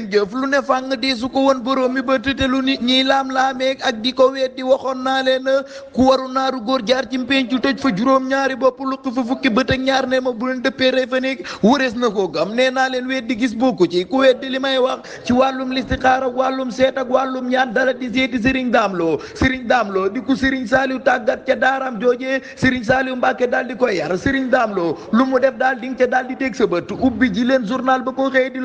seen jëf lu ne fàng di su ko woon borom mi ba te lu nit ñiy laam-laamee ak di ko weddi waxoon naa leen ku waru naaru góor jaar ci mpencu tëj fa juróom-ñaari bopp luq fa fukki bët ñaar ne ma bu leen dëppee rey fa na ko gam nee naa leen weddi gis bokku ci ku weddi li may wax ci wàllum listixaar ak wàllum seet ak wàllum ñaan dara di seeti Serigne Dame Lo Serigne Dame Lo di ku Serigne Saliou tàggat ca daaraam joojee Serigne Saliou Mbacke daal di koy yar Serigne Dame Lo lu mu def sa bët ubbi ji leen journal ba ko xëy di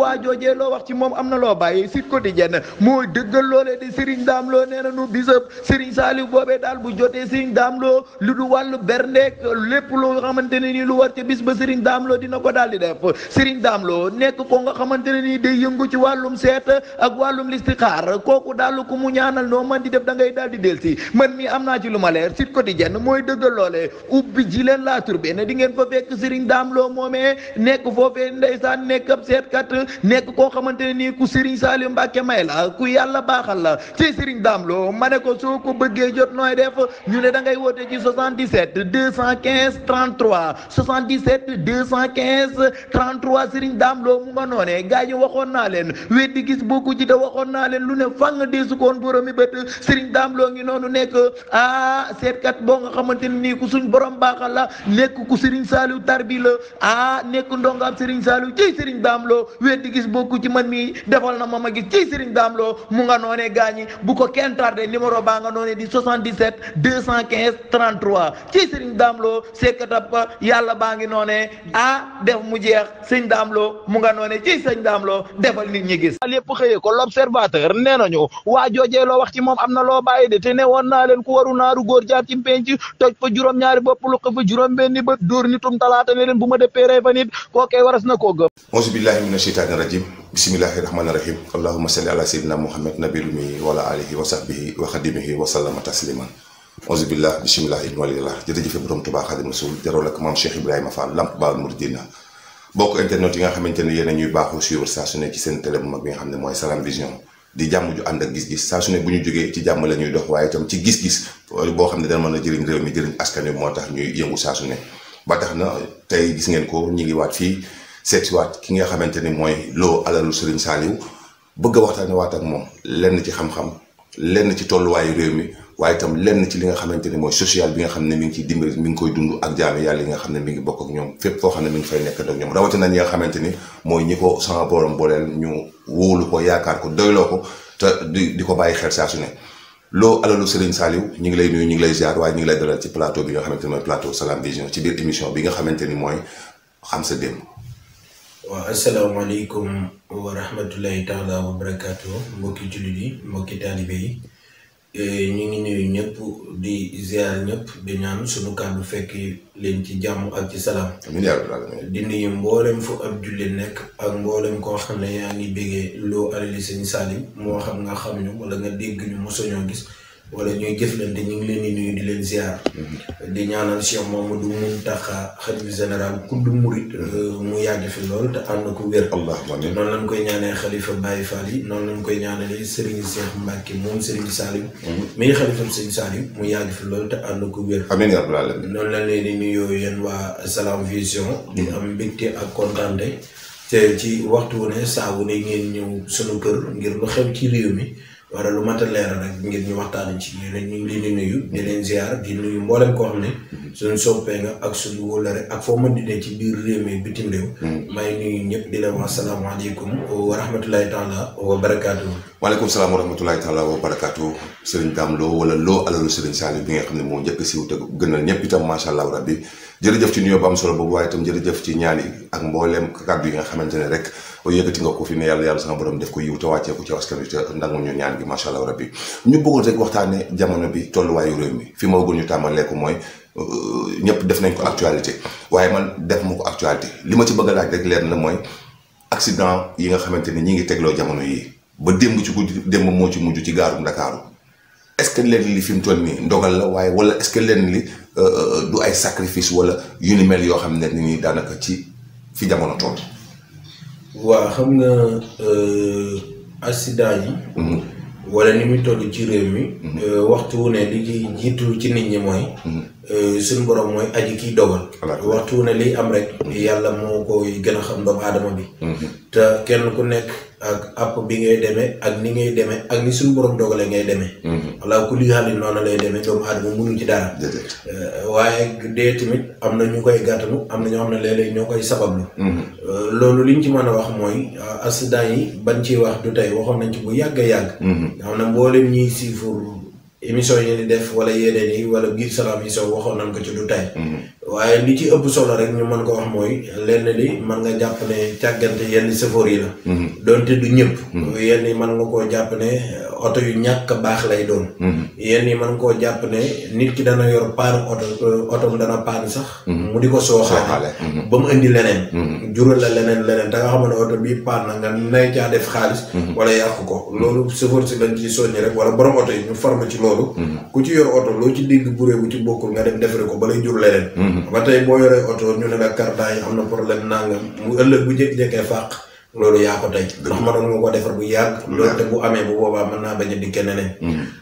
waa joojee loo wax ci moom am na loo bàyyi Sud Quotidien moo dëggal loolee di Serigne Dame Lo nee na nu bisab Serigne Saliou boobee daal bu jotee Serigne Dame Lo lu du wàllu berndeek lépp lu xamante ne nii lu war ca bis ba Serigne Dame Lo dina ko daal di def Serigne Dame Lo nekk ko nga xamante ne nii day yëngu ci wàllum seet ak wàllum listixaar kooku daal ku mu ñaanal noo man di def da ngay daal di delsi man mi am naa ci lu ma leer Sud Quotidien mooy dëggal loolee ubbi ji leen laa turbe ne di ngeen fa fekk Serigne Dame Lo moomee nekk foofee ndeysaan nekk koo xamante ne nii ku Serigne Saliou Mbacke may la ku yàlla baaxal la ci Serigne Dame Lo ma ne ko soo ko bëggee jot nooy def ñu ne da ngay woote ci 77 215 33 77 215 33 Serigne Dame Lo mu ma noone gars waxoon naa leen weddi gis bokku ci te waxoon naa leen lu ne fang deesu koon boromi bët Serigne Dame Lo ngi noonu nekk ah seetkat boo nga xamante ne nii ku suñ borom baaxal la nekk ku Serigne Saliou tarbi la ah nekk ndongaam Serigne Saliou ci Serigne Dame weddi gis bokku ci man mi defal na ma ma gis ci Serigne Dame Lo mu nga noonee gaañi bu ko kenn tardé numéro baa nga noonee di 77 215 33 ci Serigne Dame Lo sekkatab ba yàlla baa ngi noonee ah def mu jeex Serigne Dame Lo mu nga noonee ci Serigne Dame Lo defal nit ñi gis. lépp xëyee ko l'observateur nee nañu waa joojee loo wax ci moom am na loo bàyyi de te ne woon naa leen ku waru naaru góor jaar ci penc toj fa juróom-ñaari bopp lu ko fa juróom-benni bët dóor ne leen bu ma dépéeree fa na koo sheytaani rajim bisimilahi rahmaani rahim allahuma salli ala sayyidina muhammad internet yi nga xamante ne a ñuy baaxoo suivre saa su bu xam ne mooy Salam Vision di jàmm ju ànd ak gis-gis saa su ne bu ñu jógee ci jàmm la dox waaye itam ci gis-gis boo xam ne dana mën a jëriñ réew mi jëriñ askan wi moo tax ñuy yëngu saa su ba tax na tey gis ngeen ko ñu ngi waat fii seeti waat ki nga xamante ni mooy loo alalu Serigne Saliou bëgg a waxtaanee waat ak moom lenn ci xam-xam lenn ci tolluwaayu réew mi waaye itam lenn ci li nga xamante ni mooy social bi nga xam ne mi ngi ciy dimbali mi ngi koy dund ak jaami yàlla yi xam ne mi ngi bokk ak ñoom fépp foo ne mi ngi fay ñi xamante ni mooy ñi ko sama borom booleel ñu wóolu ko yaakaar ko doyloo ko te di di ko bàyyi xel saa su ne. loo alalu Serigne Saliou ñu ngi lay nuyu ñu ngi lay ziar waaye ñu ngi lay dalal ci plateau bi nga xamante ni mooy plateau Salam Vision ci biir émission bi nga xamante ni mooy xam sa démb waaw asalaamaaleykum wa rahmatullahi taala wa barakaatu mbokki jullit yi mbokki taalibe yi e, ñu ngi nuyu ñëpp di ziar ñëpp di ñaan sunu kàddu fekk leen ci jàmm ak ci salaam. di nuyu mboolem fu ab jullit nekk ak mboolem koo xam ne yaa ngi béggee loo alali sëñ Salim moo xam nga xam ñu walla nga dégg ñu mosoo ñoo gis. wala ñooy jëflante ñu ngi leen di nuyu di leen ziar. Mm-hmm. di ñaanal Cheikh Mamadou Mountakha xalifa général kudd murit mm-hmm. euh, mu yàgg fi lool te ànd ko wér. noonu lañ koy ñaanee xalifa Baye Fall noonu lañ koy ñaanalee Serigne Cheikh Mbacke moom Serigne Salim. Mm-hmm. mi xalifa Serigne mu yàgg fi lool te ànd ko wér. amiin yaa rabbal aalamiin. noonu lañ leen di nuyu yéen waa Salam Vision. di am mbégte ak kontaante. te ci waxtu wu ne saa wu ne ngeen ñëw sunu kër ngir lu xew ci réew mi. wala lu mat a leeral rek ngir ñu waxtaan ci ñu ñu ngi leen di nuyu di leen ziar di nuyu mboolem koo xam ne suñu soppee nga ak suñu wóllare ak foo mën di ne ci biir réew mi bitim réew hmm. may nuyu ñëpp di leen wax salaamaaleykum wa rahmatulahi taala wa barakaatu waaleykum salaam wa rahmatulahi taala wa barakaatu Serigne Dame Lo wala Lo alalu Serigne Saliou bi nga xam ne moo njëkk siw te gënal ñëpp itam macha allah rabbi jërëjëf ci nuyoo ba am solo boobu waaye itam jërëjëf ci ñaan yi ak mbooleem kàddu yi nga xamante ne rek o yëkkati nga ko fi yàlla yàlla sama borom def ko yiw te wàccee ci askan wi te ñu ñaan gi macha allah rabbi ñu bëggoon rek waxtaane jamono bi tolluwaayu réew mi fi ñu tàmbalee mooy euh, ñëpp def nañ ko actualité waaye man def ma ko actualité li ma ci bëgg a laaj rek leen la mooy accident yi nga xamante ni ñi ngi tegloo jamono yii ba démb ci guddi démb moo ci mujj ci gaarum Ndakaaru est-ce que leen li fi mu toll nii ndogal la waaye wala est-ce que leen li euh, euh, du ay sacrifice wala yu ni mel yoo xam ne ni daanaka ci fi jamono toll. waa xam nga euh, accident yi. Mm-hmm. wala ni muy toll ci réew mi. Mm-hmm. Euh, waxtu wu ne li ci jiitu ci nit ñi mooy. Mm-hmm. Euh, suñu borom mooy aji kiy dogal. waxtu ne liy am rek. yàlla moo koy gën a xam doomu aadama bi. Mm-hmm. te kenn ku nekk ak app bi ngay demee ak ni ngay demee ak ni suñu borom dogalee ngay demee. walla mm-hmm. ku li xaalis noonu lay demee doomu mu mënuñ ci dara. Euh, waaye dee tamit am na ñu koy gàttanu am na ñoo xam ne léeg-léeg ñoo koy sabablu. Mm-hmm. Euh, loolu liñ ci mën a wax mooy accident yi ban ciy wax du tey waxoon nañ ci bu yàgg a yàgg. xam ne mboolem ñiy émission yi ni def wala yeneen yi wala biir Salam émission waxoon nañ ko ci du tey mm-hmm. waaye li ci ëpp solo rek ñu mën koo wax mooy lenn li man nga jàpp ne càggante yenn sëfoor yi la. Mhm. donte du ñëpp. Mhm. yenn yi mën nga koo jàpp ne oto yu ñàkk baax lay doon. Mhm. yenn yi mën koo jàpp ne nit ki dana yor paan oto otom dana paan sax. mu di ko sooxaale. ba mu indi leneen. jural la leneen leneen da nga xam ne oto bii na nga nay caa def xaalis. wala yàq ko loolu sëfoor si lañ ci soññi rek wala borom oto yi ñu former ci loolu. ku ci yor oto loo ci dégg buree bu ci bokkul nga dem defare ko ba lay jur leneen. Mhm. ba tey boo yoree oto ñu ne la karta yi am na problème nangam mu ëllëg bu jékki-jékkee fàq loolu yaa ko tey ndax mënoon nga ko defar bu yàgg te bu amee bu boobaa mën naa bañ a di keneen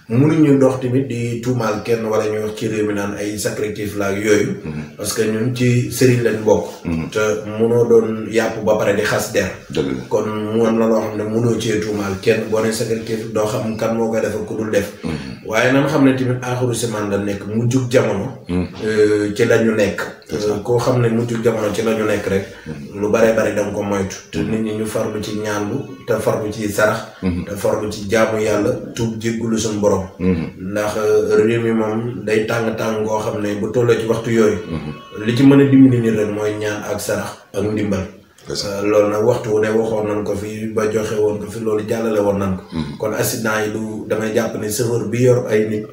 mënuñu mhm. dox tamit di tuumaal kenn wala ñu wax ci réew mi naan ay sacrifice la yooyu mhm. parce que ñun ci sëriñ lañ bokk mënoo doon yàpp ba pare di xas der kon mu am na loo xam ne mënoo ci tuumaal kenn boo ne sacrifice doo xam kan moo koy defar ku dul def waaye nan xam ne tamit aaxiru zaman la nekk jub jamono. Hmm. Euh, ci la ñu nekk. Euh, koo xam ne mujjug jamono ci la ñu nekk rek. Hmm. lu bare bare da ko moytu. Hmm. te nit ñi ñu farlu ci ñaanlu te farlu ci sarax. te farlu ci jaamu yàlla tuub jéggulu suñu borom. ndax euh, réew mi moom day tàng tàng goo xam ne bu tolloo ci waxtu yooyu. li ci mën a dimbali nit rek mooy ñaan ak sarax ak ndimbal. loolu nag waxtu wu ne waxoon nañ ko fi ba joxe woon ko fi loolu jàllale woon nañ ko. Mm-hmm. kon accident yi du damay jàpp ne chauffeur bi yor ay nit.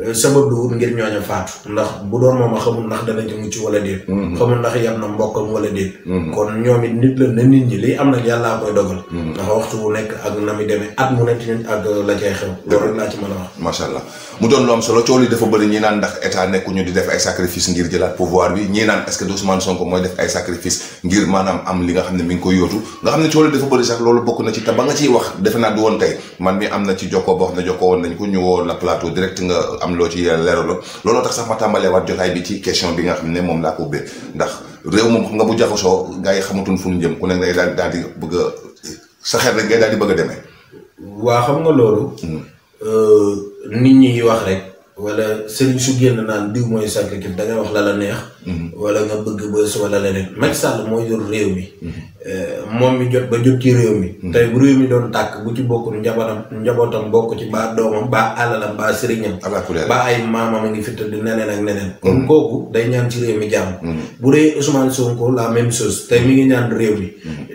Euh, sabab lu ngir ñooñu faatu ndax bu doon moom a xamul ndax danañu mucc wala déet mm-hmm. xamul ndax yam na mbokkam wala déet mm-hmm. kon ñoom nit la na nit ñi liy am mm-hmm. nekk ak na muy demee at euh, la cay xew loolu rek a wax macha allah mu doon lu am solo coow li dafa bëri ñi naan ndax am li nga xam ne mi ngi koy yóotu nga xam ne coow dafa bëri sax loolu bokk na ci te ba nga ciy wax defe naa du woon tey man mi am na ci jokkoo boo xam ne jokkoo woon nañ ko ñu woo la plateau direct nga am loo ci leeraloo looloo tax sax ma tàmbaleewaat jotaay bi ci question bi nga xam ne moom laa ko ubbee ndax réew moom xam nga bu jaxasoo gars yi xamatuñ fu ñu jëm ku nekk daal daal di bëgg a sa xel rek ngay daal di bëgg a demee. waa xam nga loolu. Hmm. Euh, nit ñi wax rek. wala sëriñ su génn naan diw mooy sacrifice da ngay wax la la neex. Mhm. wala nga bëgg bës wala leneen. Macky Sall moo réew mi. Mhm. Eh, moom mi jot ba jot ci réew mi. Mhm. tey bu réew mi doon tàkk bu ci bokk njabootam njabootam bokk ci baa doomam baa alalam baa sëriñam. baa ay maamam a ngi fi tëdd neneen ak neneen. kon kooku day ñaan ci réew mi jàmm. bu dee Ousmane Sonko la même chose tey mi ngi ñaan réew mi.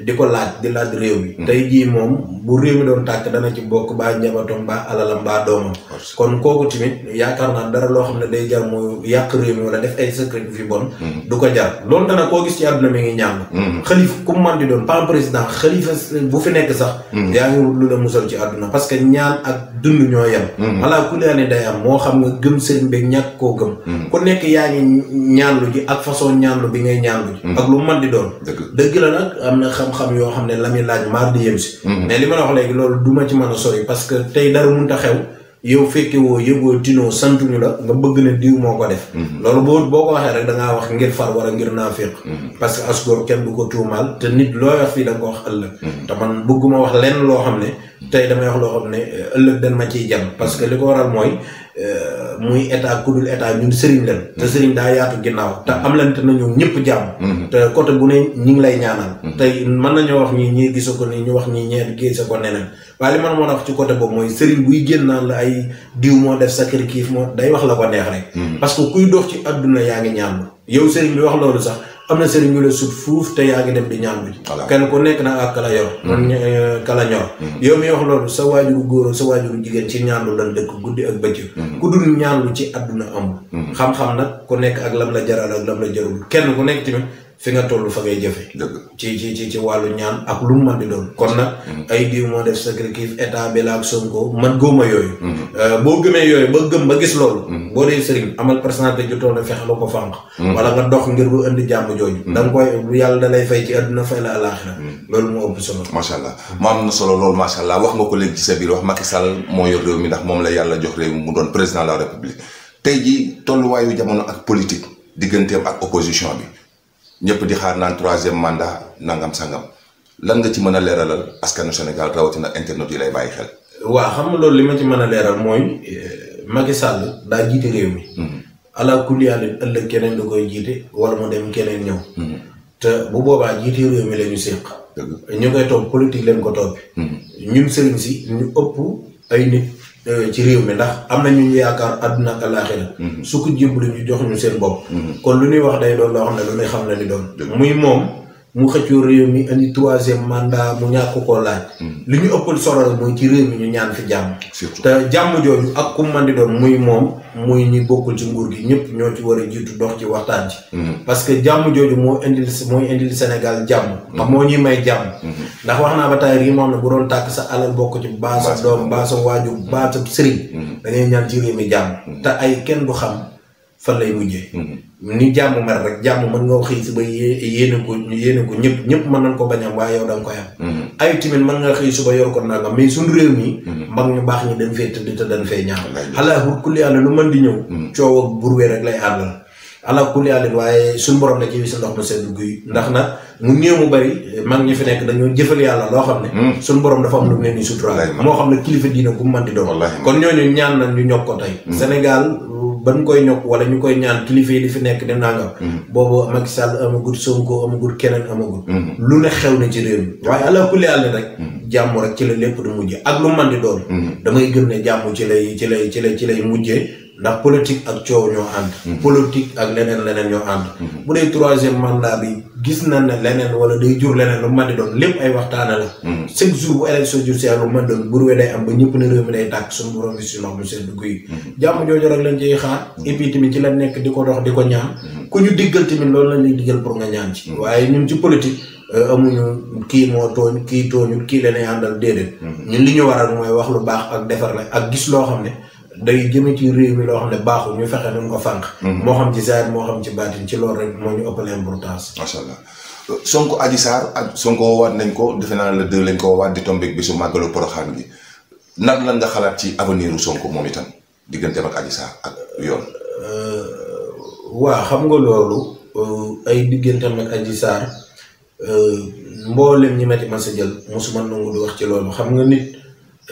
di ko laaj di laaj réew mi. tey jii moom. bu réew mi doon tàkk dana ci bokk mbaa njabootam mbaa alalam mbaa doomam. kon kooku tamit yaakaar naa dara loo xam ne day jar mooy yàq réew mi wala def ay secret fi bon. Mhm. du ko jar loolu dana koo gis ci àdduna mi ngi ñàng. xalifa mhm. ku man di doon pas bu fi nekk sax. Mhm. yaa ngi wut lu la musal ci parce que ñaan ak dund ñoo yem. voilà ku ne day am moo xam nga gëm sëriñ bi ñàkk koo gëm. ku nekk yaa ngi ñaanlu ji ak façon ñaanlu bi ngay ñaanlu ji. ak lu man di doon. dëgg la nag am na xam-xam yoo xam ne la laaj maar di yem ma léegi loolu du ma ci man a sori parce que tey dara mënut a xew yow fekke woo yëgoo tinoo santuñu la nga bëgg ne diw moo ko def. Mm-hmm. loolu boo boo ko waxee rek da ngaa wax ngir far wala ngir naafiq. Mm-hmm. parce que asgoor kenn du ko tuumaal te nit looy wax fii da nga ko wax ëllëg. Mm-hmm. te man bëgguma wax lenn loo xam ne. tey damay wax loo xam ne ëllëg dañ ma ciy jam parce que li ko waral mooy. Euh, muy état ku dul état ñun sëriñ leen te mm-hmm. sëriñ daa yaatu ginnaaw te mm-hmm. am lante na ñoom ñëpp jàmm mm-hmm. te côté bu ne ñi ngi lay ñaanal tey mën nañoo wax ñi ñii gisa ko ni ñu wax nii ñeet gisa ko neneen waaye li man mën a wax ci côté boobu mooy sëriñ buy génn naan la ay diw moo def kiif moo day wax la ko neex rek parce que kuy dox ci adduna yaa ngi ñaan yow sëriñ bi wax loolu sax am na sëriñ ñu la sut fuuf te yaa ngi dem di ñaan bi kenn ku nekk na ak kala yor man mm-hmm. mm-hmm. eh, kala ñor mm-hmm. yow mi wax loolu sa waajuru góor sa waajuru jigéen ci ñaan lu lan dëkk guddi ak bëccëg ku dul ñaan lu ci àdduna am xam-xam nag ku nekk ak lam la jaral ak lam la jarul kenn ku nekk tamit fi nga toll fa ngay jëfe ci ci ci ci wàllu ñaan ak lu mu mën di doon kon na mm-hmm. ay diw moo def sacrifice état bi la ak Sonko man góoma yooyu mm-hmm. euh, boo gëmee yooyu ba gëm ba gis loolu mm-hmm. boo dee sëriñ amal personnalité ju toll fexe la ko fànq wala nga dox ngir lu indi jàmm jooju da nga koy yàlla da lay fay ci àdduna fay la àlaaxira loolu moo macha allah mu solo loolu macha allah wax nga ko léegi ci sa biir wax Macky moo yor réew mi ndax moom la yàlla jox réew mi mu doon président de la ji tolluwaayu jamono ak politique digganteem ak opposition bi ñëpp di xaar naan troisième mandat nangam sangam lan nga ci mën a leeralal askanu Sénégal rawatina internet yi lay bàyyi xel. waa xam nga loolu li ma ci mën a leeral mooy eh, Macky Sall daa jiite réew mi. Hmm. ala kulli ëllëg keneen da koy jiite wala mu dem keneen ñëw. Hmm. te bu boobaa jiite réew mi la ñu séq. ñu koy topp politique leen ko topp. Hmm. ñun sëriñ si ñu ëpp ay nit. Euh, ci réew mi ndax am na ñu yaakaar àdduna ak alaaxira mhm. su ko jébbalu ñu jox ñu seen bopp. Mhm. kon lu ñuy wax day doon loo xam ne lu ñuy xam la ni doon. muy moom. mu xëccoo réew mi indi troisième mandat mu ñàkk koo laaj. Mm. li ñu ëppal solo la mooy ci réew mi ñu ñaan fi jàmm. surtout te jàmm jooju ak ku man di doon muy moom muy ñi bokkul ci nguur gi ñëpp ñoo ci war a jiitu dox ci waxtaan ci mm. parce que jàmm jooju moo indil mooy indil Sénégal jàmm. Mm. ndax moo ñuy may jàmm. ndax wax naa ba tey rek moom ne bu doon tàkk sa alal bokk ci. baasa doom baasa waajur baasa sëriñ. da ngay ñaan ci réew mi jàmm. te ay kenn du xam. fan lay mujjee. Mhm. ni jàmm mel rek jàmm mën nga xëy si ba yéene ko yéene ko ñëpp ñëpp mën nañ ko bañ am waaye yow da nga koy am. Mhm. ay tamit mën nga xëy suba yor ko nangam mais suñu réew mi. Mhm. mag ñu baax ñi dañ fee lu mën di ñëw. coow ak burwee rek lay àndal. ala kulli àllin waaye suñu borom la ci wis ndox mu sedd guy ndax nag mu néew mu fi nekk dañoo jëfal yàlla loo xam ne suñu borom dafa am lu mu leen di suturaal moo xam ne kilifa diina bu mu mën di doon kon ñooñu ñaan nañ ñu ñokk ko tey Sénégal ba ñu koy ñokk wala ñu koy ñaan kilifa yi fi nekk dem nangam. Mm-hmm. boobu Macky Sall amagul Sonko amagul keneen amagul. Mm-hmm. lu ne xew na ci réew mi waaye allah kulli àll rek. Mm-hmm. jàmm rek ci la lépp du mujj ak lu man di doon. damay gëm ne jàmm ci lay ci lay ci lay ci lay mujjee. ndax politique ak coow ñoo ànd. politique ak leneen leneen ñoo ànd. bu dee troisième mandat bi. gis na ne leneen wala day jur leneen lu man di doon lépp ay waxtaana la hmm. chaque jour bu élection jur si lu man doon burwee day am ba ñëpp ne réew mi day tàkk suñu borom bi si ndox mu seen dugg yi hmm. jàmm jooju rek lañ ciy xaar hmm. et puis tamit ci la nekk di ko dox di ko ñaan ku ñu diggal tamit loolu lañ lay diggal pour nga ñaan ci waaye ñun ci politique euh, amuñu kii moo tooñ kii tooñul kii la ñuy àndal déedéet ñun li ñu waral mooy wax lu baax ak defar la ak gis loo xam ne day jëme ci réew mi loo xam ne baaxul ñu fexe nañ ko fànq. Mhm. moo xam ci zaahir moo xam ci baatin ci loolu rek moo ñu ëppale importance. macha allah Sonko ak Sonko woowaat nañ ko defe naa ne le lañ ko woowaat di tombeeg bisu màggalu Porokhane bi nan lan nga xalaat ci avenir u Sonko moom itam digganteem ak Adji Sarr ak yoon. Euh, waa xam nga loolu. Euh, ay digganteem ak Adji Sarr euh, mboolem ñi ma ci mës a jël mosuma nangu di wax ci loolu xam nga nit.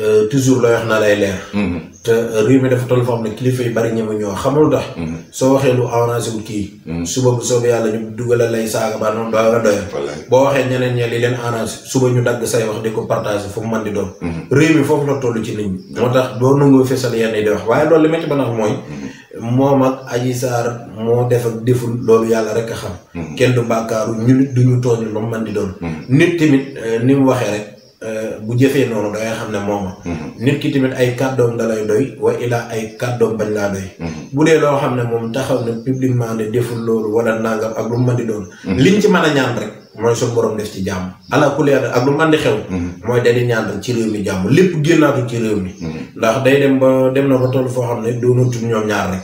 Euh, toujours lay wax na lay leer. Mm-hmm. te euh, réew mi dafa toll foo xam ne kilifa yu bari ñëw ñoo xamul tax. Mm-hmm. soo waxee lu arrangé wul kii. Mm-hmm. suba bu soobee yàlla ñu dugalal lay saaga ba noonu a boo waxee ñeneen ñe leen arrangé suba ñu dagg say wax di ko partagé fu mu di doon. réew mi foofu la toll ci nit moo tax doo nangoo fesal yenn yi di wax waaye loolu li ma ci a ak Adji moo def ak deful yàlla rek a xam. kenn du mbàkkaaru ñu nit du ñu tooñ lu mu di doon. nit tamit euh, ni mu waxee rek. Euh, bu jëfee noonu da xam ne moom mhm. nit ki tamit ay kàddoom da lay doy wa ilaa ay kàddoom bañ laa doy. Mhm. bu dee loo xam ne moom taxaw na publiquement ne deful loolu wala nangam ak lu mu mën di doon. Mhm. a ñaan rek mooy suñu borom def ci jàmm. ala ak lu mën di xew. mooy dañuy ñaan ci réew mi jàmm lépp génnaatu ci réew mi. ndax day dem ba dem na ba toll foo xam ne doonatul ñaar rek.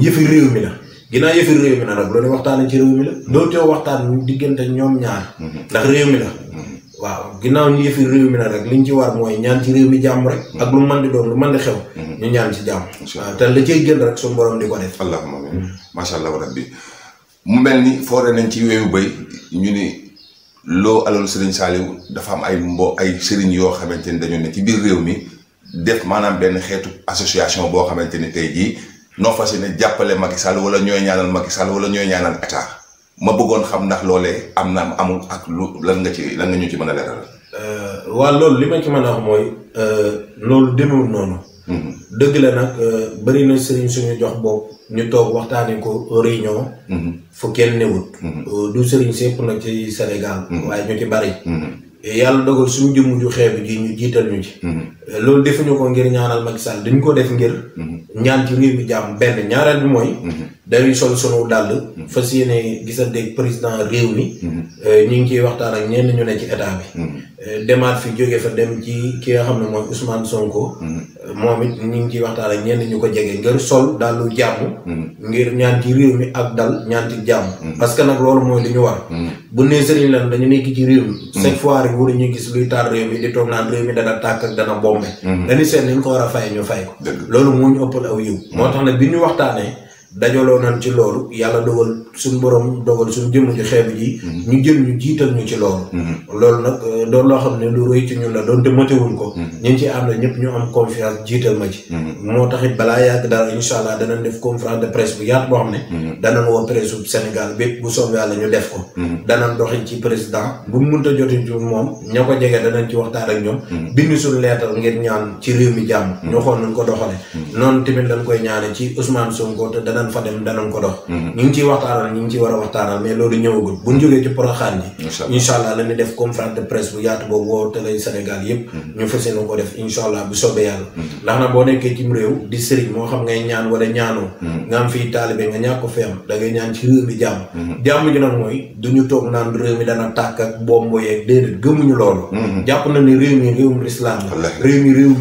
yëfi réew mi la. ginnaaw yëfi réew mi la loolu waxtaan ci réew mi la. dootoo waxtaan diggante ñoom ñaar. ndax réew mi la. waaw ginnaaw ñu yëfi réew mi na rek li ñu ci war mooy ñaan ci réew mi jàmm rek. ak lu man di doon lu man di xew. Mhm. ñu ñaan ci jàmm. te la cay gën rek suñu borom di ko def. allahumma amiin macha mhm. allah rabbi mu mel ni foore nañ ci wéyu bay ñu ni loo alal Serigne Saliou dafa am ay mbo ay sëriñ yoo xamante ni dañoo ne ci biir réew mi def maanaam benn xeetu association boo xamante ni tey jii noo fas yéene jàppale Macky Sall wala ñooy ñaanal Macky Sall wala ñooy ñaanal état. ma bëggoon xam ndax loole am na amul ak lu lan nga ci lan nga ñu ci mën a leeral. Euh, waa loolu li ma ci mën a wax mooy euh, loolu demewul noonu. Mm-hmm. dëgg la nag euh, bëri na sëriñ suñu jox bopp ñu toog waxtaanee ko réunion. Mm-hmm. fu kenn newut. Mm-hmm. du sëriñ sépp nag ci Sénégal. waaye ñu ci bari. yàlla dogal suñu jëmm ju xeeb ji ñu jiital ñu ci. loolu defuñu ko ngir ñaanal Macky Sall dañ ko def ngir. ñaan ci réew jàmm benn ñaareel bi mooy. dañuy sol sunu dàll. Mm-hmm. fas yéene gisante président réew mi. Mm-hmm. Euh, ñu ngi ciy waxtaan ak ñenn ñu ne ci état bi. Mm-hmm. Euh, demaat fi jóge fa dem ci ki nga xam ne mooy Ousmane Sonko. Euh, moom it ñu ngi ciy waxtaan ak ñenn ñu ko jege ngir sol dàllu jàmm. ngir ñaan ci réew mi ak dal ñaan ci jàmm. parce que nag loolu mooy li ñu war. bu nee sëriñ lan dañu nekk ci réew mi. chaque ñu gis luy taal réew mi di toog naan dana tàkk ak dana bombe. dañuy seet ni ko war a fay ñu fay ko. loolu moo ñu ëppal aw yiw. moo tax na bi ñu waxtaanee. dajaloo nañ ci loolu yàlla dogal suñu borom dogal suñu jëmm ji xeeb mhm. ji. ñu jël ñu jiital ñu ci loolu. Mhm. loolu nag euh, doon loo xam ne lu rëy ci ñun la doonte matewuñ ko. Mhm. ñi ci ànd ñëpp ñu am confiance jiital ma ci. moo taxit balaa yàgg daal incha allah danañ def de presse bu yaatu boo xam ne. danañ woo presse bu Sénégal bépp bu soobee yàlla ñu def ko. danañ doxin ci président bu mu mënta jotin ci moom ñoo ko jege danañ ci waxtaan ak ñoom. bind suñu leetal ngeen ñaan ci réew mi jàmm. ñu xool nañ ko doxale noonu tamit lañ koy ñaane ci Ousmane Sonko te danañ daan fa dem danañ ko dox mhm. ñu ngi ciy waxtaanal ñu ngi ciy war a waxtaanal mais loolu ñëwagul buñ jógee ci poroxaan yi incha allah la ñu def conférence de presse bu yaatu boobu woo télé Sénégal yëpp mhm. ñu fas yéene ko def incha allah bu soobee yàlla mhm. ndax nag boo nekkee mu réew di sëriñ moo xam ngay ñaan wala ñaanoo nga am fii taalibe nga ñàkk ko fi da ngay ñaan ci réew mi jàmm jàmm ji nag mooy duñu toog naan réew mi dana tàkk ak bombo yeeg déedéet gëmuñu loolu jàpp na ne réew la réew mi réewum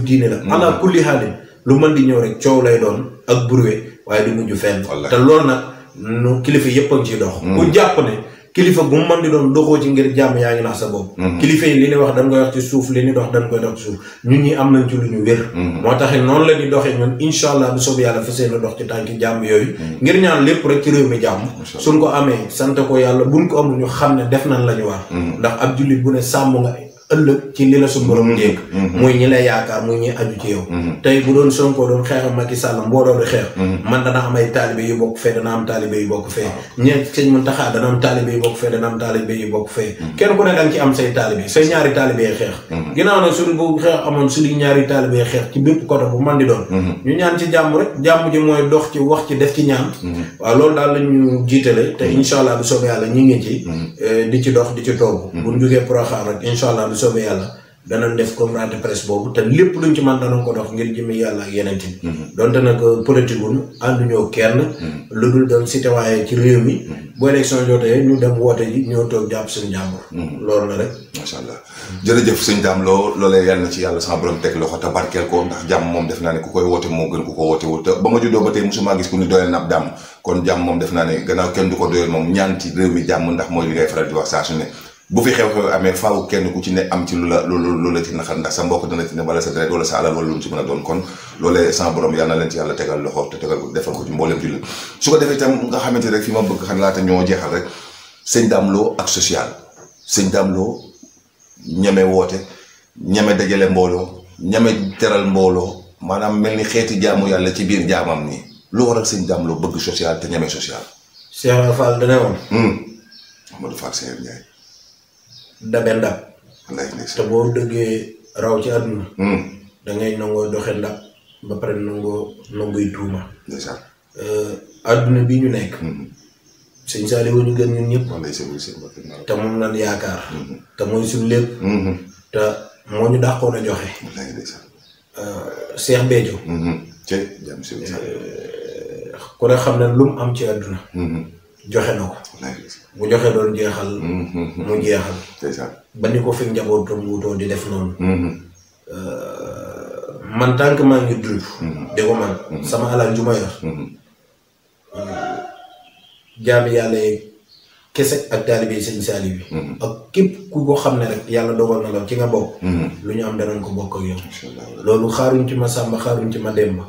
lu mën di ñëw rek coow lay doon ak burwe waaye di mujj fenn. te loolu nag nu kilifa yëpp a ngi ciy dox. ku mm. jàpp ne kilifa bu mu mën di doon doxoo ci ngir jàmm yaa ngi nax sa bopp. Mm-hmm. kilifa yi li ñuy wax dañ koy wax ci suuf li ñuy dox dañ koy dox ci suuf ñun ñi am nañ ci lu ñu wér. Mm-hmm. moo taxit noonu la ñuy doxee ñun allah bu soobee yàlla fas yéene dox ci tànki jàmm yooyu. Mm-hmm. ngir ñaan lépp rek ci réew mi jàmm. suñ ko amee sant ko yàlla buñ ko amul ñu xam ne def nañ la ñu ndax ab jullit bu ne sàmm nga ëllëg ci li la suñu borom dénk mhm. muy ñi lay yaakaar muy ñi aju ci yow mhm. tey bu doon Sonko doon xeex Macky Sall mbooloo di xeex mhm. man dana am ay taalibe yu bokk fee dana am taalibe yu bokk fee ah. ñeent sëñ Muntaxa dana am taalibe fee dana am bokk fee kenn ku ne danga ci am say taalibe say ñaari taalibe xeex ginnaaw nag suñu bu xeex amoon suñu ñaari taalibe xeex ci bépp côté bu man di doon ñu ñaan ci jàmm rek jàmm ji mooy dox ci wax ci def ci ñaan waaw loolu daal la ñu jiitale te incha allah bu soobee yàlla ñi ngi ci eh, di ci dox di ci toog bu ñu jógee Porokhane bu soobee yàlla dana def conférence de presse boobu te lépp luñ ci mën danañ ko dox ngir jëmi yàlla ak yeneen ci. Mm-hmm. donte nag euh, politique gu ñu ànduñoo kenn. Mm-hmm. lu dul dem cité waaye ci réew mi. Mm-hmm. bu élection jotee ñu dem woote ji ñoo toog jàpp suñu jàmbur. loolu la rek. macha allah jërëjëf sëñ Dame Lo loolee yal na ci yàlla sama borom teg loxo te barkeel ko ndax jàmm moom def naa ne ku koy woote moo gën ku ko woote wut te ba ma juddoo ba tey musuma gis ku ni doyal na ab dàmm kon jàmm moom def naa ne gannaaw kenn du ko doyal moom ñaan ci jàmm ndax mooy li bu fi xew-xew amee faaw kenn ku ci ne am ci lu la lu lu la ci naxal ndax sa mbokk dana ci ne wala sa deret wala sa alal wala lu mu ci a doon kon loolee sans borom yàlla na leen ci yàlla tegal loxo te tegal ko defal ko ci su ko defee tam nga xamante rek fi ma bëgg xam laata ñoo jeexal rek sëñ Dame Lo ak social sëñ Dame woote ñeme dajale mbooloo ñeme teral mbooloo maanaam mel ni xeeti jaamu yàlla ci biir jaamam nii lu waral sëñ Dame bëgg social te ñeme social. Cheikh dana woon. Hmm. dabe ndab te boo dëggee raw ci àdduna hmm. da ngay nangoo doxe ndab ba pare nangoo nanguy tuuma euh, bi ñu nekk hmm. gën ñun ñëpp te moom lan yaakaar hmm. te mooy suñu lépp te moo ñu dàqoon a joxe Cheikh euh, Béthio euh, ku ne xam ne lu am ci àdduna joxe na ko. mu joxe doon jeexal. mu jeexal. ba ni ko fi njabootam wutoo di def noonu. Mm-hmm. Euh, man tant maa ngi dund. Mm-hmm. dégg man. Mm-hmm. sama alal ju ma yor. Euh, jaami yàlla kese ak taalibe sëñ Saali bi. ak képp ku goo xam ne rek yàlla dogal na la ci nga bokk. lu ñu am danañ ko bokk ak yow. loolu xaaruñ ci ma Samba xaaruñ ci ma Demba.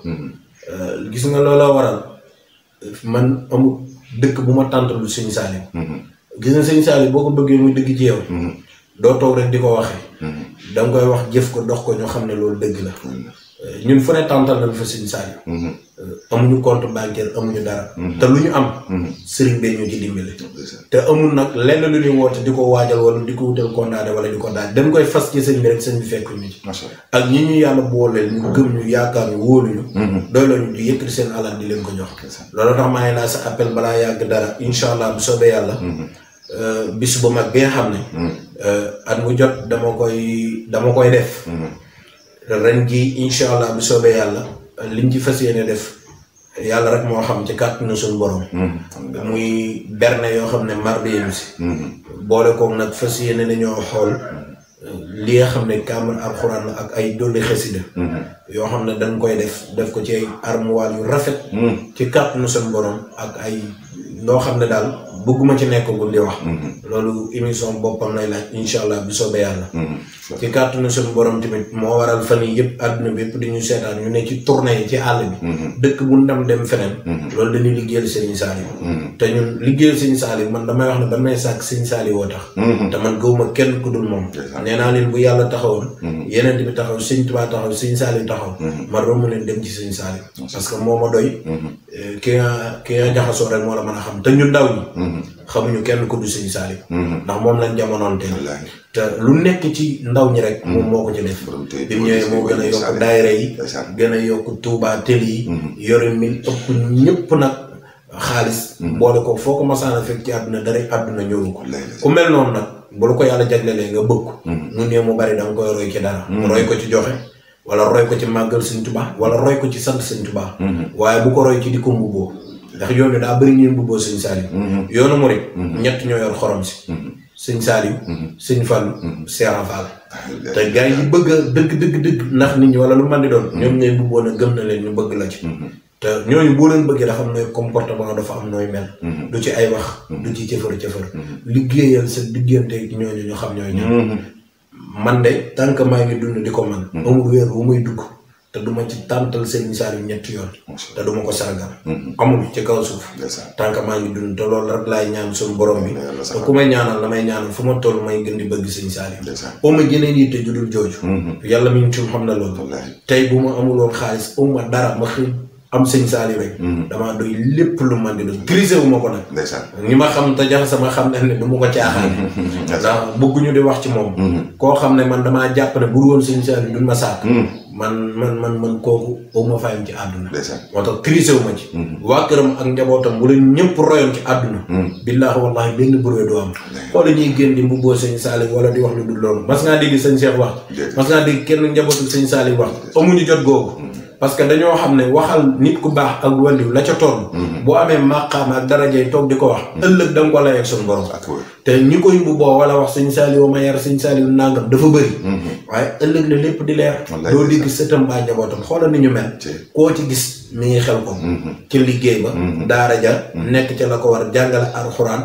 Euh, gis nga loola waral man amul. dëkk bu ma tàntalu sëñ Saaliw mhm. gis na suñu Saaliw boo ko bëggee muy dëgg ci yow mhm. doo toog rek di ko waxee mhm. da koy wax jëf ko dox ko ñoo xam ne loolu dëgg la ñun fu ne tàntal nañ fa Serigne Saliou. Mhm. Euh, amuñu compte bancaire amuñu dara. Mhm. te lu ñu am. Mhm. Serigne bee ñu ci dimbale. te amul nag lenn lu ñuy woote di ko waajal wala di ko wutal condamné wala di ko daal dañ koy fas ci sëñ bi rek fekk ñu ci. ak ñi ñu yàlla booleel ñu gëm ñu yaakaar ñu wóolu ñu. doyloo ñu di seen alal di leen ko jox. loolu tax maa ngi laa sa appel balaa yàgg dara incha allah bu soobee yàlla. Euh, bis bu mag bi nga xam ne. Euh, at mu jot dama koy dama koy def. ren ji incha allah bu soobee yàlla liñ ci fas yéene def yàlla rek moo xam ci kàttanu suñu borom. Hmm. muy berne yoo xam ne mardi yem si. Hmm. boole koog nag fas yéene nañoo xool li nga xam ne kaamil alxuraan ak ay dolli xasida hmm. yoo xam ne dañ koy def def ko ci ay yu rafet. ci kàttanu suñu borom ak ay loo xam ne daal bëgguma ci nekkagul di wax. loolu émission boppam lay laaj incha allah bu soobee yàlla. ci kàttanu suñu borom tamit moo waral fan yii yëpp àdduna bi yëpp dañuy seetaan ñu ne ci tournée yi ci àll bi. Mm-hmm. dëkk bu ñu dem dem feneen. Mm-hmm. loolu dañuy liggéeyal Serigne Saliou. Mm-hmm. te ñun liggéeyal Serigne Saliou man damay wax ne ban may sàkk Serigne Saliou woo tax. te man gëw ma kenn ku dul moom. nee naa leen bu yàlla taxawoon. yeneen bi taxaw Serigne Touba taxaw Serigne Saliou taxaw. ma romb leen dem ci Serigne Saliou. parce que moo ma doy. Eh, ki nga ki nga jaxasoo rek moo la man a xam te ñun ndaw ñi. xamuñu kenn ku du sëñ Saliou. Mhm. ndax moom lañ jamonoonteel. te lu nekk ci ndaw ñi rek. moom mhm. moo ko ci def. bi mu ñëwee moo gën a yokk daayira yi. gën a yokk Touba tel yi. Mhm. yore mi ëpp ñëpp nag. xaalis. boole ko foo ko masaan a fekk ci àdduna dara àdduna ñëwul ko. ku mel noonu nag bu la ko yàlla jaglelee nga bëgg. mu ne mu bari da nga koy roy ci dara. roy ko ci joxe. wala roy ko ci màggal Sëñ Tuubaa wala roy ko ci sant Sëñ Tuubaa. waaye bu ko roy ci di ko mbubboo. ndax yoon wi daa bëri ñuy mbubboo siñ Saliou mhm. yoonu murit mhm. ñett ñoo yor xorom si mhm. sëñ Saliou sëñ Fallu Seex Faal te gars yi bëgg a dëgg dëgg dëgg ndax nit ñi wala lu man di doon ñoom ñooy mbubboo na gëm na leen ñu bëgg la ci te ñooñu boo leen bëggee dafa am nooy comportement dafa am nooy mel du ci ay wax du ci cëfër cëfër liggéeyal sa diggante ñooñu ñu xam ñooy ñoom man de tant que maa ngi dund di ko man amul weer wu muy dugg te du ma ci tàntal seen misaal yu ñetti yoon. te du ma ko sargal. Mm-hmm. amul ci kaw suuf. tànk maa dund te rek laay ñaan suñu borom bi. te ku may ñaanal damay ñaanal fu ma toll may gën di bëgg seen misaal yi. au ma jëneen yi te judul jooju. Mm-hmm. yàlla mi ñu ci xam na loolu. tey bu ma amul xaalis au dara ma xëy. am sëñ Saliou rek. Mm-hmm. damaa doy lépp lu man di doon triser wu ma ko nag. ñi ma xam te jax sama xam ne du ma ko caaxaan. Mm-hmm. ndax di wax ci moom. Mm-hmm. koo xam ne man damaa jàpp bu woon sëñ Saliou duñ ma saak. man man man man kooku aw ma fayam ci àdduna. moo wu ma ci. waa këram ak njabootam bu leen ñëpp royoon ci àdduna. billaahi wallaahi benn bëree doo am. xool ñuy génn di mbubboo sëñ Saliou wala di wax lu dul loolu mas ngaa dégg sëñ Cheikh wax. mas ngaa dégg kenn njabootu sëñ Saliou wax amuñu jot googu. parce que dañoo xam ne waxal nit ku baax ak wàlliw la ca toll. Mhm. boo amee màqaam ak darajay toog di ko wax. Mhm. ëllëg da nga ko layee ak suñu borom. te ñi ko bu boo wala wax sëñ Saliou ma yar sëñ Saliou nangam dafa bëri. Mhm. waaye ëllëg la lépp di leer. doo di gis sëtam baa njabootam xoolal ni ñu mel. koo ci gis. mi ngi xel ko mm-hmm. ci liggéey ba mm-hmm. daara ja mm-hmm. nekk ca la ko war jàngale alxuraan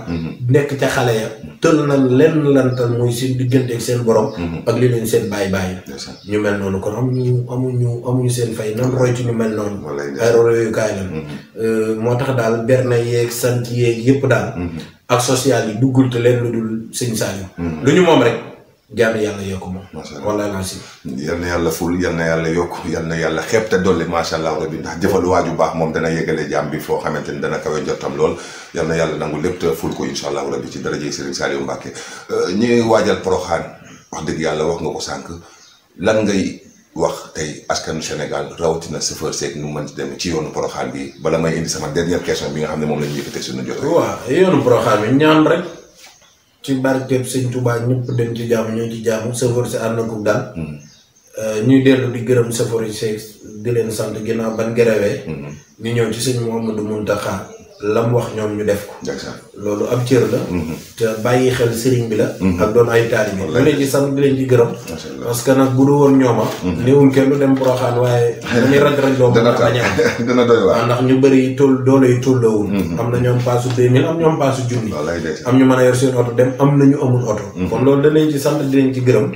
nekk ca xale ya tël na lenn lantal muy seen diggante ak seen borom ak li leen seen bàyyi bàyyi ñu mel noonu kon amuñu amuñu amuñu seen fay nan roy ci ñu mel noonu ay royukaay la euh, moo tax daal berne yeeg sant yeeg yëpp daal ak social yi duggul te leen lu dul sëñ Saliou lu ñu moom rek jaam yàlla yokk moom. macha allah na yàlla ful yal yàlla yokk yal na yàlla xeeb te dolli macha allah rabi ndax jëfal waaju baax moom dana yegale jaam bi foo xamante ni dana kawe jotam lool yal na yàlla nangu lépp te ful ko incha allah rabi ci darajay Serigne Saliou Mbacke euh, ñi waajal Porokhane wax dëgg yàlla wax nga ko sànq lan ngay wax tey askanu Sénégal rawatina chauffeur seeg nu mu mën ci demee ci yoonu Porokhane bi bala may indi sama dernière question bi nga xam ne moom la ñu yëkkatee suñu rek ci barkeeb sëñ Touba ñëpp dem ci jaamu ñoo ci jaamu sëfoor si ànd ak daal. Hmm. Euh, ñuy dellu di gërëm sëfoor si di leen sant ginnaaw ban gerewee hmm. ñu ñëw ci sëñ Mouhamadou Mountakha. lam wax ñoom ñu def ko. loolu ab cër la. Mhm. te bàyyi xel sëriñ bi la. Mhm. ak doon ay taalibe ñu leen ci sant di leen ci gërëm. parce que nag bu du woon ñooma. Mhm. néewul kenn du dem Porokhane waaye. dañuy raj raj doomu dana taal dana doy waar ñu bëri tool doole yi tolloowul. am na ñoom paasu deux a yor seen oto dem am na ñu amul oto. kon loolu dañ leen ci sant di leen ci gërëm.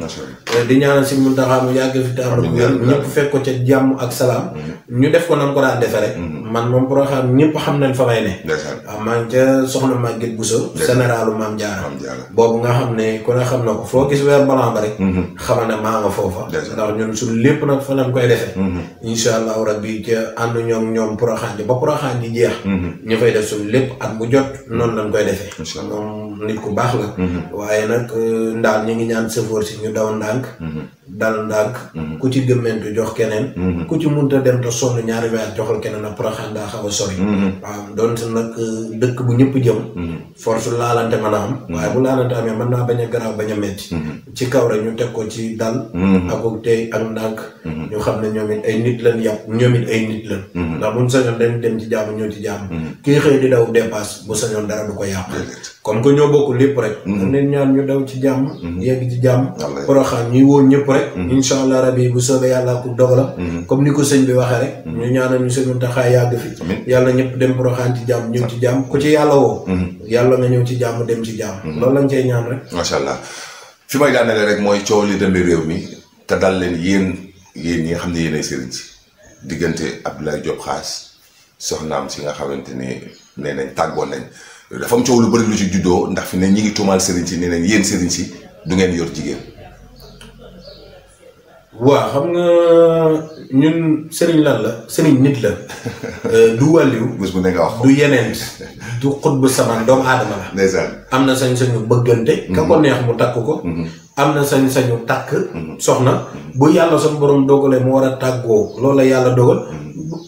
Eh, di ñaanal si Muntaxa mu yàgg fi taal bu wér ñëpp fekk ko ca jàmm ak salaam. ñu def ko nan ko daan defe rek. man moom Porokhane ñëpp xam nañ fa ne waaw ah, maa ngi ca soxna Maguette Bousso généralu Maam Jaara boobu nga xam ne ku ne xam na ko foo gis weer balan ba rek mhm. xamal ne maa nga foofa ndax ñun suñ lépp nag fa lañ koy defee mhm. incha allahu rabbi ca ànd ñoom ñoom poroxaan ji ba poroxaan ji jeex mhm. ñu fay def suñ lépp at bu jot noonu lañ koy defee moom nit ku baax la waaye nag euh, ndaal ñu ngi ñaan sëfoor si ñu daw ndànk dal ndànk mhm. ku ci gëmmentu jox keneen mhm. ku ci munta dem te sonn ñaari weer joxal keneen ak Porokhane daa xaw a sori mhm. waaw doonte nag euh, dëkk bu ñëpp jëm force laalante mën a am waaye bu laalante amee mën naa bañ a garaaw bañ a metti ci kaw rek ñu teg ko ci dal akuk tey ak ndànk ñu xam ne ñoom it ay nit lañ yàpp ñoom it ay nit lañ ndax buñ sañoon dañ dem ci jàmm ñëw ci jàmm kii xëy di daw dépasse bu sañoon dara du ko yàq comme que ñoo bokk lépp rek dañ leen ñaan ci jàmm yegg ci rek. Mhm. incha allah rabi bu soobee yàlla ku la mhm. comme ni ko sëñ bi waxee rek. Mhm. ñu ñaanal ñu sëñ Muntaxa yàgg fi. yàlla ñëpp dem Poroxaan ci jàmm ñëw ci jàmm ku ci yàlla woo. yàlla nga ñëw ci jàmm dem ci jàmm. loolu lañ cey ñaan rek. macha allah fi may daanale rek mooy coow li demee réew mi te dal leen yéen yéen ñi nga xam ne yéenay sëriñ si diggante Abdoulaye Diop Khass soxnaam si nga xamante ni nee nañ tàggoon nañ dafa am coow lu bëri lu ci juddoo ndax fi ne ñi ngi tuumaal sëriñ si nee nañ yéen sëriñ si du ngeen yor jigéen waaw xam nga ñun sëriñ lan la sëriñ nit la euh, du wàlliw bés bu ne nga wax du yeneen du xut bu saman doomu aadama la ndeysaan am na sañ-sañu bëggante. ka ko mhm. neex mu takk ko. Mhm. am na sañ-sañu takk. Mhm. soxna bu yàlla suñu borom dogalee mu war a tàggoo loolu la yàlla dogal.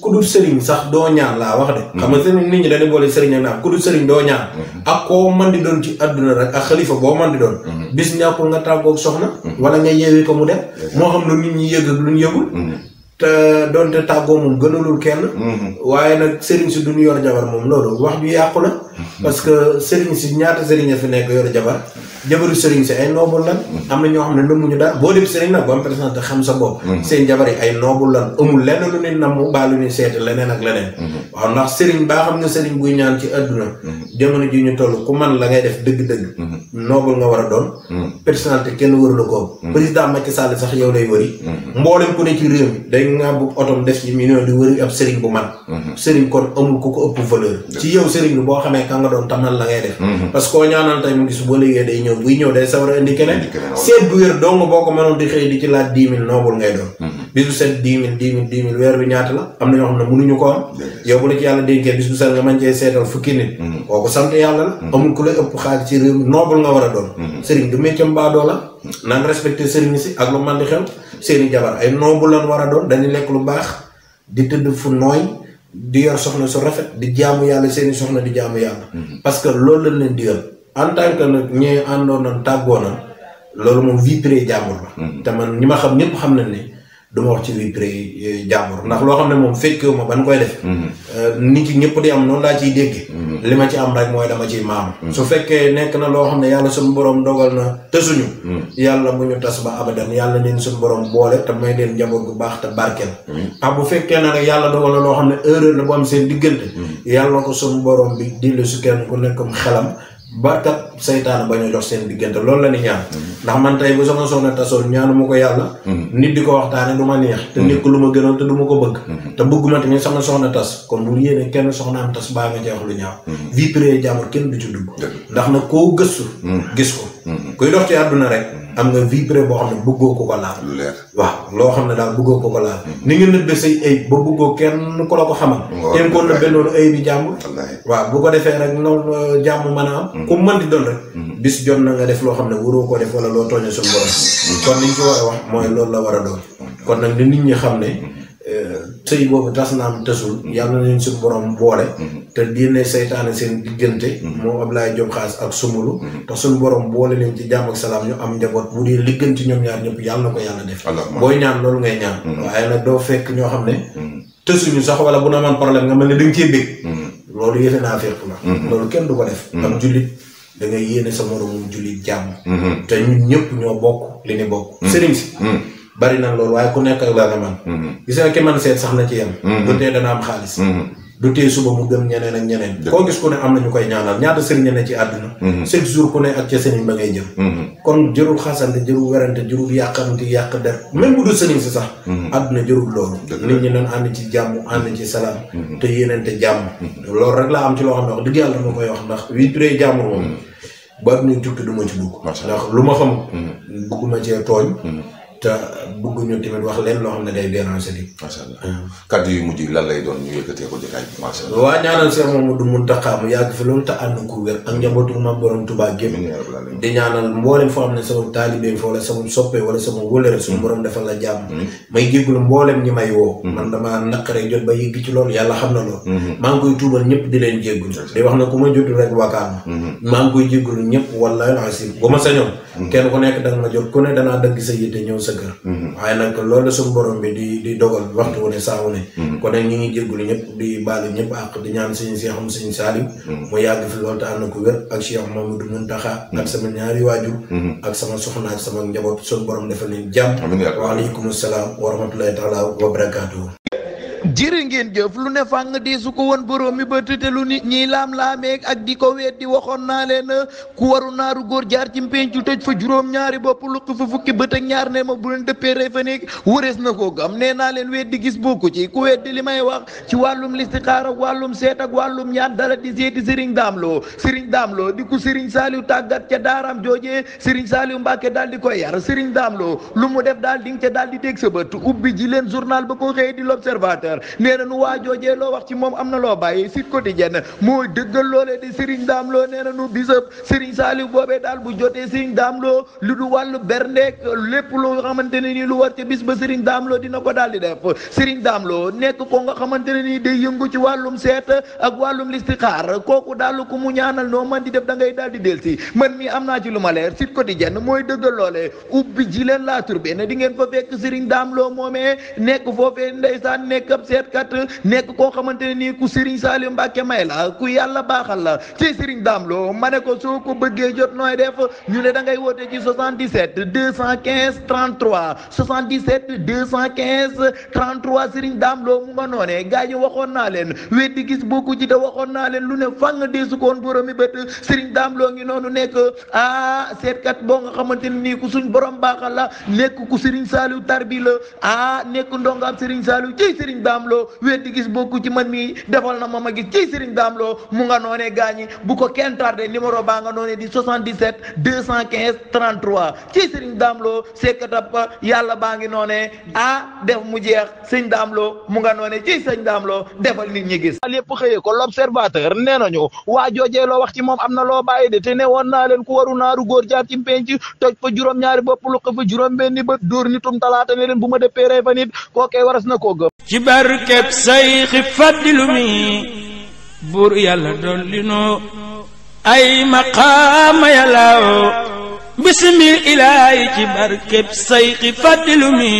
ku dul sëriñ sax doo ñaan laa wax de. xam nga sëriñ nit ñi dañu boole sëriñ ak naan ku dul sëriñ doo ñaan. ak koo man di doon ci àdduna rek ak xalifa boo man di doon. bis ñàkkul nga tàggoog soxna. wala nga yeewee ko mu dem. moo xam lu nit ñi yëg ak yëgul. te doonte tàggoo moom gënalul kenn. Mhm. waaye nag sëriñ si du ñu yor jabar moom loolu wax ju yàqu la. Mhm. parce que sëriñ si ñaata sëriñ a fi nekk yor jabar. jabaru sëriñ si ay noobul lan. Mhm. am na ñoo xam ne nëmmuñu daal boo dem sëriñ nag ba am présenté xam sa bopp. seen jabar yi ay noobul lan amul lenn lu ne namm baa lu ne seet leneen ak leneen. waaw ndax sëriñ baa xam nga sëriñ buy ñaan ci àdduna. jamono ji ñu toll ku man la ngay def dëgg-dëgg. noobul nga war a doon. personnalité kenn wër la ko. président Macky Sall sax yow lay wëri. mboolem ku ne ci réew mi dañ ngaa bëgg oto def ci million di wëri ab sëriñ bu man mhm. sëriñ kon amul ku ko ëpp valeur ci yow sëriñ bi boo xamee ka nga doon tamal la ngay def mhm. parce koo ñaanal tey mu gis boo liggéey day ñëw buy ñëw a indi keneen seet bu wér ko mënoon di xëy di ngay doon mhm. bis bu set dix mille dix weer bi ñaata la am na ñoo xam ne mënuñu ko am yow bu la ci yàlla dénkee bis bu set nga mën cee seetal fukki nit kooku sant yàlla la amul ku lay ëpp xaalis ci réew noobul nga war a doon sëriñ du métier seeni jabar ay noobu lan war a doon dañu lekk lu baax di tëdd fu nooy di yor soxna su rafet di jaamu yàlla seeni soxna di jaamu yàlla. Mhm. parce que loolu lañ leen di yor en tant que nag ñee àndoon na na loolu moom vie privée jàmbur la. Mhm. te man ñi ma xam ñëpp xam nañ ne. du ma wax ci biir prix euh, jàmbur ndax loo xam ne moom fekkee ma ban koy def. Mhm. Euh, nit ci ñëpp di am noonu laa ciy dégg. Mhm. li ma ci am rek mooy dama ciy maam. Mhm. su fekkee nekk na loo xam ne yàlla suñu borom dogal na tësuñu. yàlla mu ñu tas ba abadan yàlla leen suñu borom boole te may leen njaboot bu baax te barkeel. ah bu fekkee na nag yàlla dogal na loo xam ne erreur na bu am seen diggante. yàlla ko suñu borom bi di la su kenn ku nekk xelam. barkat seytaane bañ a dox seen diggante loolu la ni ñaan ndax man tey bu sama soxna tasoon ñaanu ma ko yàlla nit di ko waxtaane du ma neex te nekk lu ma gënoon te du ma ko bëgg te bëgguma tamit sama soxna tas kon bul yéene kenn soxnaam tas baa nga ci wax lu ñaaw vie privée kenn du ci dugg ndax na koo gëstu mm. gis ko mm. kuy dox ci àdduna rek am nga vie privée boo xam ne bëggoo ko ko laal. waaw loo xam ne daal buggoo ko ko laal. Mhm. ni nga nëbbe say ayib ba bëggoo kenn ku la ko xamal. ngeen ko nëbbe noonu ayib bi jàmbur. waaw bu ko defee rek noonu euh, jàmm mën a am. Mhm. ku mën di doon rek. Mhm. bis jot na nga def loo xam ne waroo koo def wala loo tooñee suñu borom. kon liñ ci war wax mooy loolu la war a doon. kon nag ni nit ñi xam ne. sëy boobu tas naa am tasul mm-hmm. yàlla nañu suñu borom boole mm-hmm. te diine seytaane seen diggante mm-hmm. moom Ablaye Diop Xaas ak Soumboulou te suñu borom boole leen ci jàmm ak salaam ñu am njaboot bu dee li gën ci ñoom ñaar ñëpp yàlla na ko yàlla def booy ñaan loolu ngay ñaan waaye nag doo fekk ñoo xam ne tësuñu sax wala bu na amoon problème nga mel ne danga cee bég loolu yëfe naa féq la loolu kenn du ko def am jullit da yéene sa moromum jullit jàmm te ñun ñëpp ñoo bokk li ni si bari na loolu waaye ku nekk ak la nga man mhm. gis nga ki man seet sax na ci yem mhm. du tee dana am xaalis mhm. du tee suba mu gëm ñeneen ak ñeneen koo gis ku ne am na ñu koy ñaanal ñaata sëriñ ne ci àdduna chaque jour ku ne ak ca sëriñ ba ngay jëm kon jërul xasante jërul werante jërul yàqante yàq der même bu dul sëriñ si sax àdduna jërul loolu nit ñi nan ànd ci jàmm ànd ci salaam te yéeneente jàmm loolu rek laa am ci loo xam ne wax dëgg yàlla ma koy wax ndax wii turee jàmm moom ba nu tukki du ma ci bugg lu ma xam bugguma cee tooñ te bëgguñu tamit wax leen loo xam ne day déranger di. macha allah kàddu yu mujj lan lay doon ñu yëkkatee ko jotaay bi macha allah. waa ñaanal Cheikh Mamadou mu yàgg fi loolu te ànd ko wér ak njabootu maam borom Touba gépp di ñaanal mboolem foo xam ne sama taalibe fa wala sama soppe wala sama wóllare suñu mm. borom defal la jàmm. Mm. may jégalu mboolem ñi may mm. man damaa naqaree jot ba yëgg ci loolu yàlla xam na loolu. Mm-hmm. maa ngi koy tuubal ñëpp di leen jégalu. di wax na ku ma jotul rek waakaan. Mm-hmm. maa ngi koy jégalu ñëpp wala ma sañoon Mm-hmm. kenn ko nekk danga ma jot ku ne danaa dagg sa yitte ñëw sa kër. Mm-hmm. waaye nag loolu la suñu borom bi di di dogal waxtu wu ne saa wu ne. Mm-hmm. ko nag ñu ngi jégalu ñëpp di baalu ñëpp àq di ñaan suñu Cheikh am suñu Salim. mu yàgg fi loolu te ànd ko wér ak du Mamadou Muntaxa. ak sama ñaari waajur. ak sama soxna ak sama njaboot suñu borom defal leen jàmm. amiin waaleykum salaam wa rahmatulahi taala wa barakaatuhu. jërë ngeen jëf lu ne fàng di su ko woon borom mi ba tëte lu nit ñiy laam-laameeg ak di ko weet di waxoon naa leen ku waru naaru góor jaar ci mpencu tëj fa juróom-ñaari bopp luq fa fukki bët ñaar ne ma bu leen dëppee rey fa nekk wërees na koo gam ne naa leen weet di gis bokku ci ku weet di li may wax ci wàllum listixaar ak wàllum seet ak wàllum ñaan dala di seeti sëriñ daamloo dam daamloo di ku sëriñ saaliw tàggat ca daaraam joojee sëriñ saaliw mbake daal di koy yar sëriñ daamloo lu mu def daal di nga ca daal di teg sa bët ubbi ji leen journal observateur nee na nu waajoojee loo wax ci moom am na loo bàyyi Sud Quotidien moo dëggal loolee di Serigne Dame Lo nee na nu bisab Serigne Saliou boobee daal bu jotee Serigne Dame Lo lu du wàllu berndeek lépp loo xamante nii lu war ca bis ba Serigne Dame Lo dina ko daal di def Serigne Dame Lo nekk ko nga xamante nii day yëngu ci wàllum seet ak wàllum listixaar kooku daal ku mu ñaanal noo man di def da ngay delsi man mi am naa ci lu ma leer Sud Quotidien mooy dëggal loolee ubbi ji leen laa turbe ne di ngeen fa fekk Serigne Dame Lo moomee nekk foofee ndeysaan ab seetkat nekk koo xamante ne nii ku Serigne Saliou Mbacke may la ku yàlla baaxal la ci Serigne Dame Lo ma ne ko soo ko bëggee jot nooy def ñu ne da ngay woote ci 77 215 33 77 215 33 Serigne Dame Lo mu nga noonee gaa ñi waxoon naa leen weddi gis bokku ci te waxoon naa leen lu ne fang deesu koon boromi bët Serigne Dame loo ngi noonu nekk ah seetkat boo nga xamante ne nii ku suñ borom baaxal la nekk ku Serigne Saliou tarbi la ah nekk ndongaam Serigne Saliou ci Serigne daam loo weddi gis bokku ci man mii defal na ma ma gis ci sëriñ daam loo mu nga noonee gaañi bu ko kenn tardé numéro baa nga noonee di 77 215 33 ci sëriñ daam loo sekkatab ba yàlla baa ngi noonee ah def mu jeex sëñ daam loo mu nga noonee ci sëñ daam loo defal nit ñi gis. lépp xëyee ko l'observateur nee nañu waa joojee loo wax ci moom am na loo bàyyi de te ne woon naa leen ku waru naaru góor jaar ci penc toj fa juróom-ñaari bopp lu fa juróom-benni ba dóor nit na koo gëm barkeb sayxi faddilu yàlla dolli noo ay maqaama yàllaaw bismil ilaahi ci barkeb sayxi faddilu mi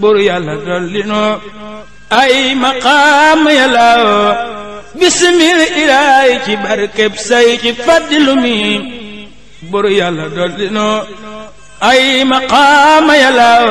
buur yàlla dolli ay maqaama yàllaaw bismil ilaahi ci barkeb sayxi faddilu mi buur yàlla ay maqaama yàllaaw